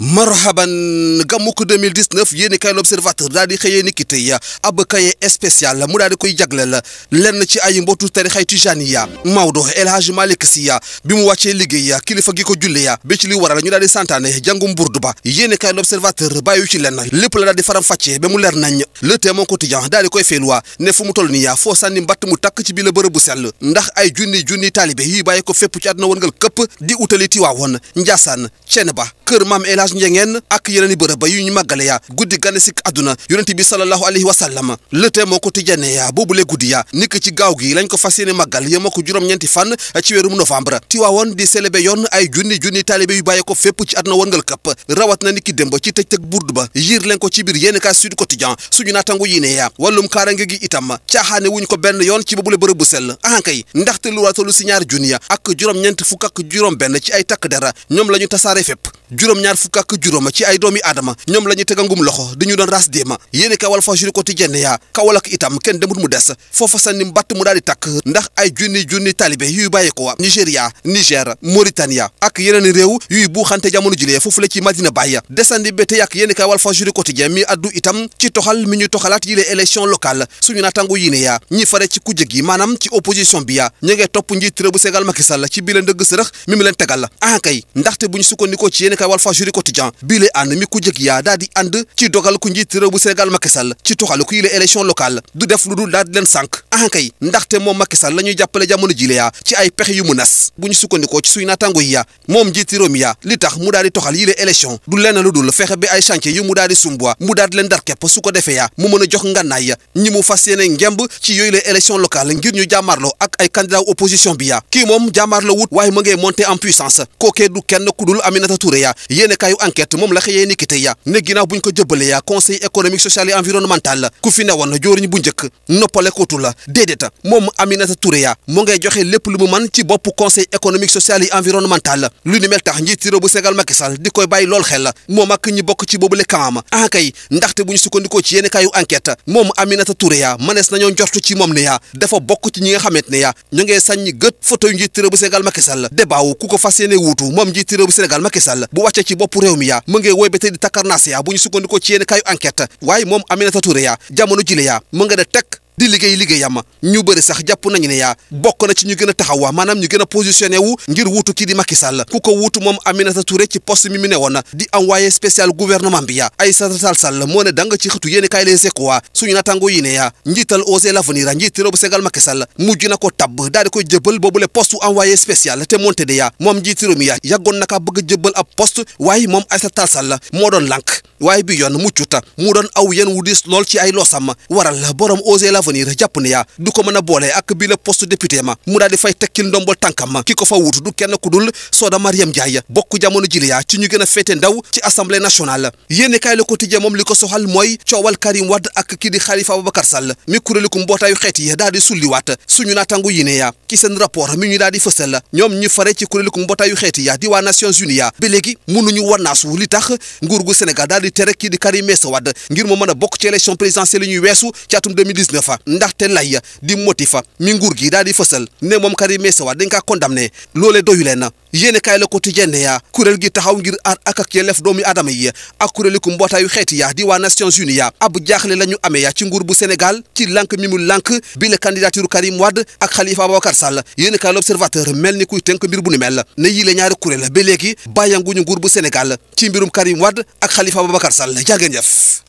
marhaban gàmmuk 2019 yéeni kay l'observateur daal di xëyee ni ki tey ab kaye spécial mu daal di koy jagleel lenn ci ay mbootu tarixay tijaniya Maodo El Hadj Malick Sy bi mu wàccee liggéey kilifa gi ko julle ya bi ci li waral ñu daal di santaane jàngum burdu ba yéeni kay l'observateur bàyyu ci lenn lépp la daal di faram-fàccee ba mu leer nañ le témoin quotidien daal di koy feeluwaa ne fu mu toll ni ya foo sànni mbatt mu takk ci bi la bërëb bu sell ndax ay junni junni taalibe yi bàyyi ko fépp ci àdduna wërngal këpp di utali Tiwaawoon Njaasaan Ceneba kër maam El village Ndiangéen ak yeneen i bërëb ba yu ñu màggale ya guddi gane sikk àdduna yonent bi sallallahu alayhi wa sallam lëte moo ko tijjane ya boobule guddi ya nikk ci gaaw gi lañ ko fas yéene màggal yéema ko juróom-ñeenti fan ci weerum novembre Tiwaawoon di célébé yoon ay junni junni taalibe yu bàyyee ko fépp ci àdduna wërngal këpp rawat na ni ki ci tëj-tëj burdu ba yiir leen ko ci biir yéeni kaay Sud wuñ ko benn yoon ci boobule bërëb bu sell ahankay ndaxte lu war tollu si ñaar junni ya ak juróom-ñeent fukk ak juróom benn juróom-ñaar fukk ak juróoma ci ay doomi aadama ñoom la ñu tegangum loxo di ñu doon ras déema yéeni kawal fajiri quotidien yaa kawal ak itam kenn demut mu des foofa sanni mbatt mu daal di takk ndax ay junni junni taalibe yuy bàyyikoo Nigéria Niger Mauritania ak yeneen réew yuy buuxante jamono jilee foofu la ci Madina Baye desandi ba tey ak yéeni kawal fajiri quotidien mi addu itam ci toxal mi ñu toxalaat yi les élections locales suñu naatango yi ne yaa ñi fare ci kujje ci opposition mi mu leen tegal la ah kay ndaxte yéenekaay Walf Fadjri quotidien bii lay mi ku jëkk yaa daa di ci dogal ku njiit bu Sénégal Macky ci toxalu ku yile élection locale du def lu dul daa di leen sànk ahankay ndaxte moom Macky Sall la ñuy jile yaa ci ay pexe yu mu nas bu ñu yaa li tax mu daa toxal yile élection du lenn lu dul fexe bi ay chantier yu mu daa di mu daa di leen dar képp yaa mu mën a jox ngànnaay ya ñi mu fas yéene ngemb ci yooyu la élection locale ya yéene kaayu enquête moom la xëyee ni ki tey ya ne ginnaaw buñ ko jëbale ya conseil économique social environnemental la ku fi newoon jóoriñ bu njëkk noppale kootu la déedéeta moom Aminata Touré ya mu ngay joxe lépp lu mu mën ci bopp conseil économique social et environnemental la lu ni mel tax njiitu réew bu Sénégal Macky Sall di koy bàyyi lool xel la moom ak ñi bokk ci boobule kamam ah ndaxte bu ñu sukkandikoo ci yéene moom Aminata Touré ya mënees ci moom ne ya dafa bokk ci ñi nga xamante ne ya ñu ngee sàññi gët photo yu njiitu moom njiitu réew bu Sénégal Macky bu wàccee ci bopp réew mi yaa mu ngee woy ba tey di takkarnaas yaa bu ñu sukkandikoo ci yéen kayu enquête waaye moom Aminata Touré yaa jamono jile yaa mu nga ne tekk di liggéey liggéeyam ñu bëri sax jàpp nañu ne yaa bokk na ci ñu gën a taxaw wa maanaam ñu gën a positionné wu ngir ku ko wuutu moom Aminata ci poste mi mu ne woon di envoyé spécial gouvernement bi ya Aïssata Tall Sall moo ne da nga ci xëtu yéeni kaay les écowa suñu natango yi ne yaa njiital Osez l'Avenir a njiit réew bu Sénégal Macky Sall mujj na ko tabb daal di koy jëbal boobule poste envoyé spécial te monte de yaa moom njiit réew mi yaa yàggoon avenir jàpp ne yaa du ko mën a boole ak bi la poste ma mu daal di fay tekkil ndombol tànkam ki ko fa wutu du kenn ku dul Soda Mariam Ndiaye bokk jamono jile yaa ci ñu gën a féete ndaw ci assemblée nationale yéene kaay Le Quotidien moom li ko soxal mooy coowal Karim Wade ak kii di Khalifa Ababacar di sulliwaat suñu naatangu yi mi ñu daal di fësal ñoom ñu di waa Nations Unies yaa ba léegi mënuñu warnaasu li tax nguur gu Sénégal tere kii di Karim Meïssa Wade ngir a fa ndaxte lay di motifa mi nguur gi daal di fësal ne moom Karim Meïssa Wade dañ kaa condamné loolee doyu leen yéeni kaay la quotidien ya kuréel gi taxaw ngir aar ak ak yelleef doomu aadama yi ak kuréeliku mbootaayu xeeti ya di waa Nations Unies ya ab jaaxle la ñu amee ya ci nguur bu Sénégal ci lank mi mu lànk bi la candidature Karim Wade ak kalifa Khalifa Ababacar Sall yéeni kaay l'observateur mel ni kuy tënk mbir bu ni mel ne yii la ñaari kuréel ba léegi bàyyanguñu nguur bu Sénégal ci mbirum Karim Wade ak Khalifa Ababacar Sall jaa ngeen